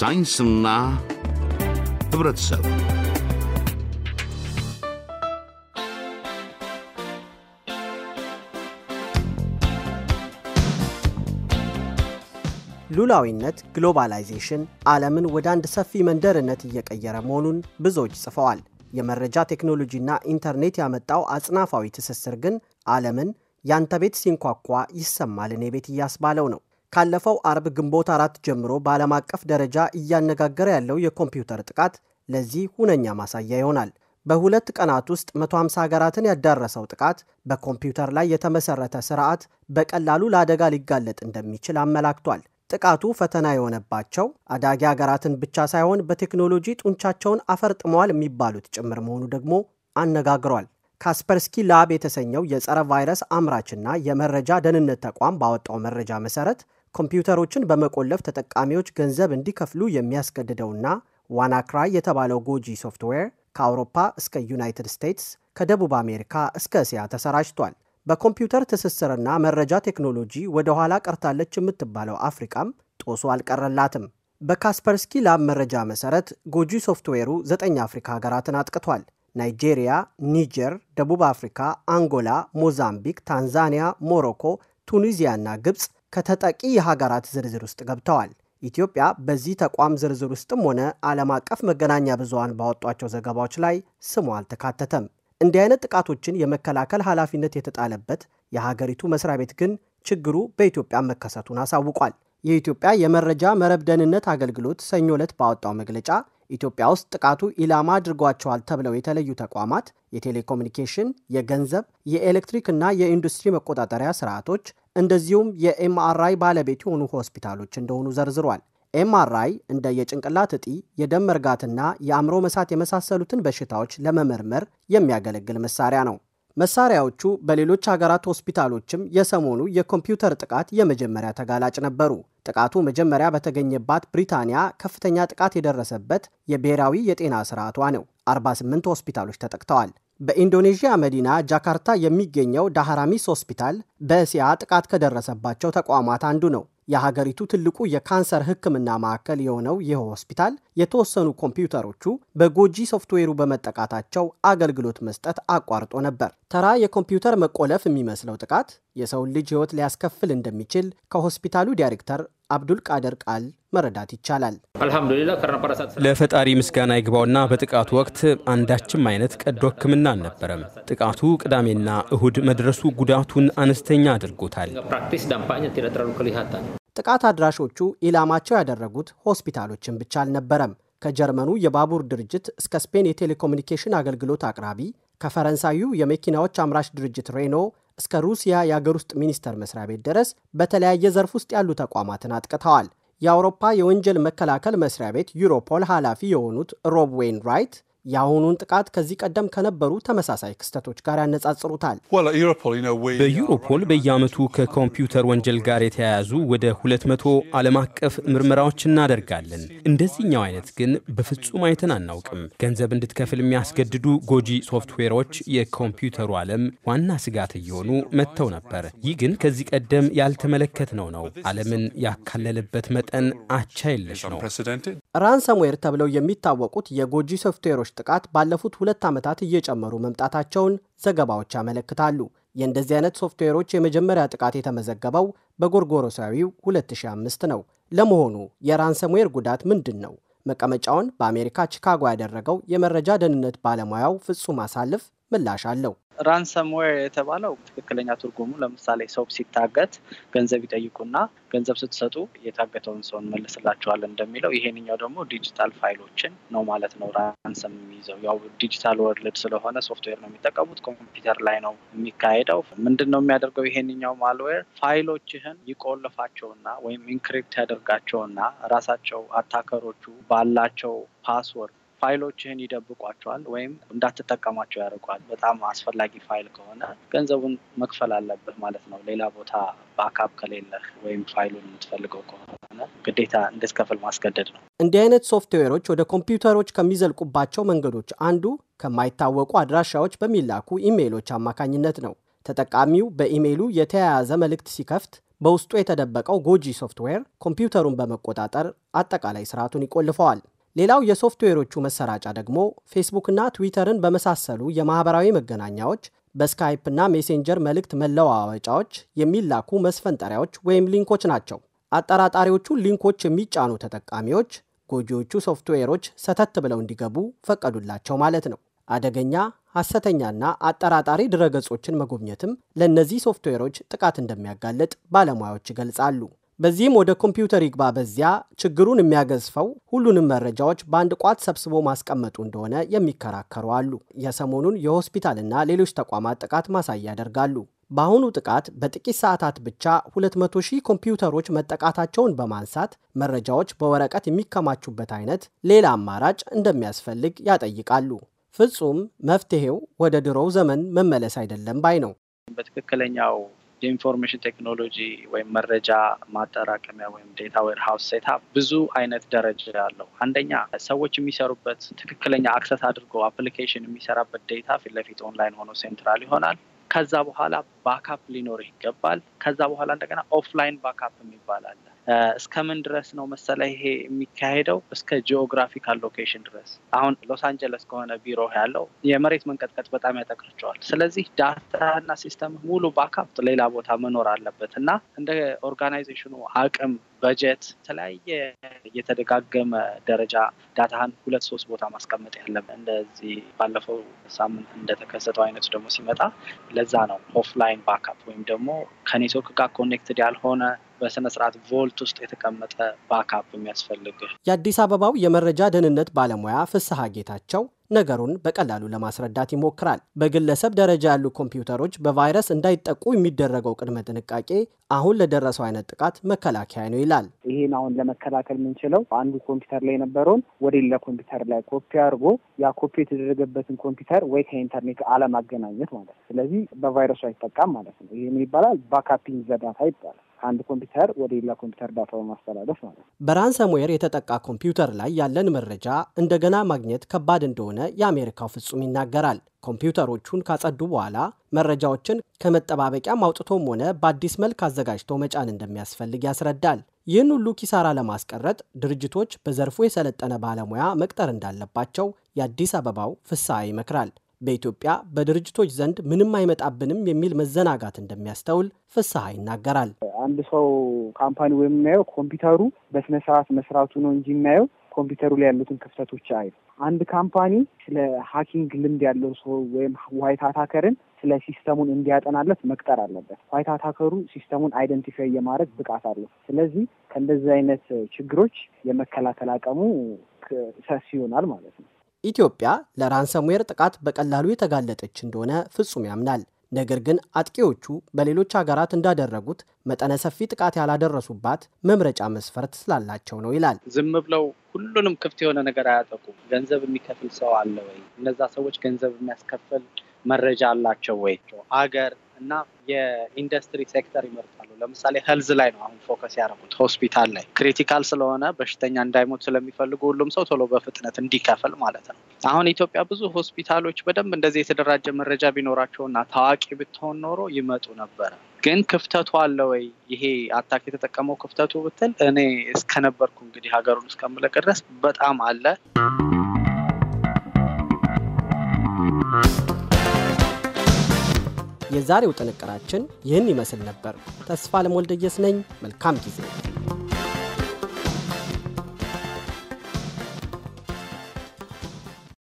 ሳይንስና ህብረተሰብ ሉላዊነት ግሎባላይዜሽን ዓለምን ወደ አንድ ሰፊ መንደርነት እየቀየረ መሆኑን ብዙዎች ጽፈዋል። የመረጃ ቴክኖሎጂና ኢንተርኔት ያመጣው አጽናፋዊ ትስስር ግን ዓለምን ያንተ ቤት ሲንኳኳ ይሰማል እኔ ቤት እያስባለው ነው። ካለፈው አርብ ግንቦት አራት ጀምሮ በዓለም አቀፍ ደረጃ እያነጋገረ ያለው የኮምፒውተር ጥቃት ለዚህ ሁነኛ ማሳያ ይሆናል። በሁለት ቀናት ውስጥ 150 ሀገራትን ያዳረሰው ጥቃት በኮምፒውተር ላይ የተመሰረተ ስርዓት በቀላሉ ለአደጋ ሊጋለጥ እንደሚችል አመላክቷል። ጥቃቱ ፈተና የሆነባቸው አዳጊ ሀገራትን ብቻ ሳይሆን በቴክኖሎጂ ጡንቻቸውን አፈርጥመዋል የሚባሉት ጭምር መሆኑ ደግሞ አነጋግሯል። ካስፐርስኪ ላብ የተሰኘው የጸረ ቫይረስ አምራችና የመረጃ ደህንነት ተቋም ባወጣው መረጃ መሰረት ኮምፒውተሮችን በመቆለፍ ተጠቃሚዎች ገንዘብ እንዲከፍሉ የሚያስገድደውና ዋናክራይ የተባለው ጎጂ ሶፍትዌር ከአውሮፓ እስከ ዩናይትድ ስቴትስ ከደቡብ አሜሪካ እስከ እስያ ተሰራጭቷል። በኮምፒውተር ትስስርና መረጃ ቴክኖሎጂ ወደ ኋላ ቀርታለች የምትባለው አፍሪቃም ጦሱ አልቀረላትም። በካስፐርስኪ ላብ መረጃ መሰረት ጎጂ ሶፍትዌሩ ዘጠኝ አፍሪካ ሀገራትን አጥቅቷል። ናይጄሪያ፣ ኒጀር፣ ደቡብ አፍሪካ፣ አንጎላ፣ ሞዛምቢክ፣ ታንዛኒያ፣ ሞሮኮ፣ ቱኒዚያና ግብፅ ከተጠቂ የሀገራት ዝርዝር ውስጥ ገብተዋል። ኢትዮጵያ በዚህ ተቋም ዝርዝር ውስጥም ሆነ ዓለም አቀፍ መገናኛ ብዙሃን ባወጧቸው ዘገባዎች ላይ ስሟ አልተካተተም። እንዲህ አይነት ጥቃቶችን የመከላከል ኃላፊነት የተጣለበት የሀገሪቱ መስሪያ ቤት ግን ችግሩ በኢትዮጵያ መከሰቱን አሳውቋል። የኢትዮጵያ የመረጃ መረብ ደህንነት አገልግሎት ሰኞ ዕለት ባወጣው መግለጫ ኢትዮጵያ ውስጥ ጥቃቱ ኢላማ አድርጓቸዋል ተብለው የተለዩ ተቋማት የቴሌኮሙኒኬሽን፣ የገንዘብ፣ የኤሌክትሪክ እና የኢንዱስትሪ መቆጣጠሪያ ስርዓቶች እንደዚሁም የኤምአርአይ ባለቤት የሆኑ ሆስፒታሎች እንደሆኑ ዘርዝሯል። ኤምአርአይ እንደ የጭንቅላት እጢ፣ የደም መርጋትና የአእምሮ መሳት የመሳሰሉትን በሽታዎች ለመመርመር የሚያገለግል መሳሪያ ነው። መሳሪያዎቹ በሌሎች ሀገራት ሆስፒታሎችም የሰሞኑ የኮምፒውተር ጥቃት የመጀመሪያ ተጋላጭ ነበሩ። ጥቃቱ መጀመሪያ በተገኘባት ብሪታንያ ከፍተኛ ጥቃት የደረሰበት የብሔራዊ የጤና ስርዓቷ ነው። 48 ሆስፒታሎች ተጠቅተዋል። በኢንዶኔዥያ መዲና ጃካርታ የሚገኘው ዳሃራሚስ ሆስፒታል በእስያ ጥቃት ከደረሰባቸው ተቋማት አንዱ ነው። የሀገሪቱ ትልቁ የካንሰር ሕክምና ማዕከል የሆነው ይህ ሆስፒታል የተወሰኑ ኮምፒውተሮቹ በጎጂ ሶፍትዌሩ በመጠቃታቸው አገልግሎት መስጠት አቋርጦ ነበር። ተራ የኮምፒውተር መቆለፍ የሚመስለው ጥቃት የሰውን ልጅ ሕይወት ሊያስከፍል እንደሚችል ከሆስፒታሉ ዳይሬክተር አብዱል ቃድር ቃል መረዳት ይቻላል። ለፈጣሪ ምስጋና ይግባውና በጥቃቱ ወቅት አንዳችም አይነት ቀዶ ሕክምና አልነበረም። ጥቃቱ ቅዳሜና እሁድ መድረሱ ጉዳቱን አነስተኛ አድርጎታል። ጥቃት አድራሾቹ ኢላማቸው ያደረጉት ሆስፒታሎችን ብቻ አልነበረም። ከጀርመኑ የባቡር ድርጅት እስከ ስፔን የቴሌኮሙኒኬሽን አገልግሎት አቅራቢ፣ ከፈረንሳዩ የመኪናዎች አምራች ድርጅት ሬኖ እስከ ሩሲያ የአገር ውስጥ ሚኒስቴር መስሪያ ቤት ድረስ በተለያየ ዘርፍ ውስጥ ያሉ ተቋማትን አጥቅተዋል። የአውሮፓ የወንጀል መከላከል መስሪያ ቤት ዩሮፖል ኃላፊ የሆኑት ሮብ ዌይን ራይት የአሁኑን ጥቃት ከዚህ ቀደም ከነበሩ ተመሳሳይ ክስተቶች ጋር ያነጻጽሩታል። በዩሮፖል በየዓመቱ ከኮምፒውተር ወንጀል ጋር የተያያዙ ወደ 200 ዓለም አቀፍ ምርመራዎች እናደርጋለን። እንደዚህኛው አይነት ግን በፍጹም አይተን አናውቅም። ገንዘብ እንድትከፍል የሚያስገድዱ ጎጂ ሶፍትዌሮች የኮምፒውተሩ ዓለም ዋና ስጋት እየሆኑ መጥተው ነበር። ይህ ግን ከዚህ ቀደም ያልተመለከትነው ነው። ዓለምን ያካለለበት መጠን አቻ የለሽ ነው። ራንሰምዌር ተብለው የሚታወቁት የጎጂ ሶፍትዌሮች ጥቃት ባለፉት ሁለት ዓመታት እየጨመሩ መምጣታቸውን ዘገባዎች ያመለክታሉ። የእንደዚህ አይነት ሶፍትዌሮች የመጀመሪያ ጥቃት የተመዘገበው በጎርጎሮሳዊው 2005 ነው። ለመሆኑ የራንሰምዌር ጉዳት ምንድን ነው? መቀመጫውን በአሜሪካ ቺካጎ ያደረገው የመረጃ ደህንነት ባለሙያው ፍጹም አሳልፍ ምላሽ አለው። ራንሰምዌር የተባለው ትክክለኛ ትርጉሙ ለምሳሌ ሰው ሲታገት ገንዘብ ይጠይቁና ገንዘብ ስትሰጡ የታገተውን ሰው እንመልስላቸዋለን እንደሚለው፣ ይሄንኛው ደግሞ ዲጂታል ፋይሎችን ነው ማለት ነው። ራንሰም የሚይዘው ያው ዲጂታል ወርልድ ስለሆነ ሶፍትዌር ነው የሚጠቀሙት። ኮምፒውተር ላይ ነው የሚካሄደው። ምንድን ነው የሚያደርገው ይሄንኛው ማልዌር ፋይሎችህን ይቆልፋቸውና ወይም ኢንክሪፕት ያደርጋቸውና ራሳቸው አታከሮቹ ባላቸው ፓስወርድ ፋይሎችህን ይደብቋቸዋል ወይም እንዳትጠቀማቸው ያደርጓል። በጣም አስፈላጊ ፋይል ከሆነ ገንዘቡን መክፈል አለብህ ማለት ነው። ሌላ ቦታ በአካብ ከሌለህ ወይም ፋይሉን የምትፈልገው ከሆነ ግዴታ እንድትከፍል ማስገደድ ነው። እንዲህ አይነት ሶፍትዌሮች ወደ ኮምፒውተሮች ከሚዘልቁባቸው መንገዶች አንዱ ከማይታወቁ አድራሻዎች በሚላኩ ኢሜይሎች አማካኝነት ነው። ተጠቃሚው በኢሜይሉ የተያያዘ መልእክት ሲከፍት በውስጡ የተደበቀው ጎጂ ሶፍትዌር ኮምፒውተሩን በመቆጣጠር አጠቃላይ ስርዓቱን ይቆልፈዋል። ሌላው የሶፍትዌሮቹ መሰራጫ ደግሞ ፌስቡክና ትዊተርን በመሳሰሉ የማኅበራዊ መገናኛዎች በስካይፕና ሜሴንጀር መልእክት መለዋወጫዎች የሚላኩ መስፈንጠሪያዎች ወይም ሊንኮች ናቸው። አጠራጣሪዎቹ ሊንኮች የሚጫኑ ተጠቃሚዎች ጎጂዎቹ ሶፍትዌሮች ሰተት ብለው እንዲገቡ ፈቀዱላቸው ማለት ነው። አደገኛ ሐሰተኛና አጠራጣሪ ድረገጾችን መጎብኘትም ለእነዚህ ሶፍትዌሮች ጥቃት እንደሚያጋለጥ ባለሙያዎች ይገልጻሉ። በዚህም ወደ ኮምፒውተር ይግባ በዚያ ችግሩን የሚያገዝፈው ሁሉንም መረጃዎች በአንድ ቋት ሰብስቦ ማስቀመጡ እንደሆነ የሚከራከሩ አሉ። የሰሞኑን የሆስፒታልና ሌሎች ተቋማት ጥቃት ማሳያ ያደርጋሉ። በአሁኑ ጥቃት በጥቂት ሰዓታት ብቻ 200 ሺህ ኮምፒውተሮች መጠቃታቸውን በማንሳት መረጃዎች በወረቀት የሚከማቹበት አይነት ሌላ አማራጭ እንደሚያስፈልግ ያጠይቃሉ። ፍጹም መፍትሄው ወደ ድሮው ዘመን መመለስ አይደለም ባይ ነው። በትክክለኛው የኢንፎርሜሽን ቴክኖሎጂ ወይም መረጃ ማጠራቀሚያ ወይም ዴታ ዌር ሀውስ ሴታ ብዙ አይነት ደረጃ አለው። አንደኛ ሰዎች የሚሰሩበት ትክክለኛ አክሰስ አድርጎ አፕሊኬሽን የሚሰራበት ዴታ ፊትለፊት ኦንላይን ሆኖ ሴንትራል ይሆናል። ከዛ በኋላ ባካፕ ሊኖር ይገባል። ከዛ በኋላ እንደገና ኦፍላይን ባካፕ የሚባላለ እስከምን ድረስ ነው መሰለ ይሄ የሚካሄደው? እስከ ጂኦግራፊካል ሎኬሽን ድረስ። አሁን ሎስ አንጀለስ ከሆነ ቢሮ ያለው የመሬት መንቀጥቀጥ በጣም ያጠቅርቸዋል። ስለዚህ ዳታና ሲስተም ሙሉ ባካፕ ሌላ ቦታ መኖር አለበት እና እንደ ኦርጋናይዜሽኑ አቅም በጀት የተለያየ የተደጋገመ ደረጃ ዳታህን ሁለት ሶስት ቦታ ማስቀመጥ ያለም እንደዚህ ባለፈው ሳምንት እንደተከሰተው አይነቱ ደግሞ ሲመጣ ለዛ ነው ኦፍላይን ባካፕ ወይም ደግሞ ከኔትወርክ ጋር ኮኔክትድ ያልሆነ በስነ ስርዓት ቮልት ውስጥ የተቀመጠ ባካፕ የሚያስፈልግ። የአዲስ አበባው የመረጃ ደህንነት ባለሙያ ፍስሐ ጌታቸው ነገሩን በቀላሉ ለማስረዳት ይሞክራል። በግለሰብ ደረጃ ያሉ ኮምፒውተሮች በቫይረስ እንዳይጠቁ የሚደረገው ቅድመ ጥንቃቄ አሁን ለደረሰው አይነት ጥቃት መከላከያ ነው ይላል። ይህን አሁን ለመከላከል የምንችለው አንዱ ኮምፒውተር ላይ የነበረውን ወደ ሌላ ኮምፒውተር ላይ ኮፒ አድርጎ ያ ኮፒ የተደረገበትን ኮምፒውተር ወይ ከኢንተርኔት አለማገናኘት ማለት ነው። ስለዚህ በቫይረሱ አይጠቃም ማለት ነው። ይህ ይባላል ባካፒንግ ዘዳታ ይባላል። ከአንድ ኮምፒውተር ወደ ሌላ ኮምፒውተር ዳታ በማስተላለፍ ማለት ነው። በራንሰምዌር የተጠቃ ኮምፒውተር ላይ ያለን መረጃ እንደገና ማግኘት ከባድ እንደሆነ የአሜሪካው ፍጹም ይናገራል። ኮምፒውተሮቹን ካጸዱ በኋላ መረጃዎችን ከመጠባበቂያም አውጥቶም ሆነ በአዲስ መልክ አዘጋጅቶ መጫን እንደሚያስፈልግ ያስረዳል። ይህን ሁሉ ኪሳራ ለማስቀረት ድርጅቶች በዘርፉ የሰለጠነ ባለሙያ መቅጠር እንዳለባቸው የአዲስ አበባው ፍስሐ ይመክራል። በኢትዮጵያ በድርጅቶች ዘንድ ምንም አይመጣብንም የሚል መዘናጋት እንደሚያስተውል ፍስሐ ይናገራል። አንድ ሰው ካምፓኒ ወይም የሚያየው ኮምፒውተሩ በስነ ስርዓት መስራቱ ነው እንጂ የሚያየው ኮምፒውተሩ ላይ ያሉትን ክፍተቶች አይ አንድ ካምፓኒ ስለ ሀኪንግ ልምድ ያለው ሰው ወይም ዋይት አታከርን ስለ ሲስተሙን እንዲያጠናለት መቅጠር አለበት። ዋይት አታከሩ ሲስተሙን አይደንቲፋይ የማድረግ ብቃት አለው። ስለዚህ ከእንደዚህ አይነት ችግሮች የመከላከል አቅሙ ሰፊ ይሆናል ማለት ነው። ኢትዮጵያ ለራንሰምዌር ጥቃት በቀላሉ የተጋለጠች እንደሆነ ፍጹም ያምናል። ነገር ግን አጥቂዎቹ በሌሎች ሀገራት እንዳደረጉት መጠነ ሰፊ ጥቃት ያላደረሱባት መምረጫ መስፈርት ስላላቸው ነው ይላል። ዝም ብለው ሁሉንም ክፍት የሆነ ነገር አያጠቁም። ገንዘብ የሚከፍል ሰው አለ ወይ? እነዛ ሰዎች ገንዘብ የሚያስከፍል መረጃ አላቸው ወይ? አገር እና የኢንዱስትሪ ሴክተር ይመርጣሉ። ለምሳሌ ሄልዝ ላይ ነው አሁን ፎከስ ያደረጉት ሆስፒታል ላይ ክሪቲካል ስለሆነ በሽተኛ እንዳይሞት ስለሚፈልጉ ሁሉም ሰው ቶሎ በፍጥነት እንዲከፍል ማለት ነው። አሁን ኢትዮጵያ ብዙ ሆስፒታሎች በደንብ እንደዚህ የተደራጀ መረጃ ቢኖራቸውና ታዋቂ ብትሆን ኖሮ ይመጡ ነበረ። ግን ክፍተቱ አለ ወይ? ይሄ አታክ የተጠቀመው ክፍተቱ ብትል እኔ እስከነበርኩ እንግዲህ ሀገሩን እስከምለቅ ድረስ በጣም አለ። የዛሬው ጥንቅራችን ይህን ይመስል ነበር። ተስፋ ለሞልደየስ ነኝ። መልካም ጊዜ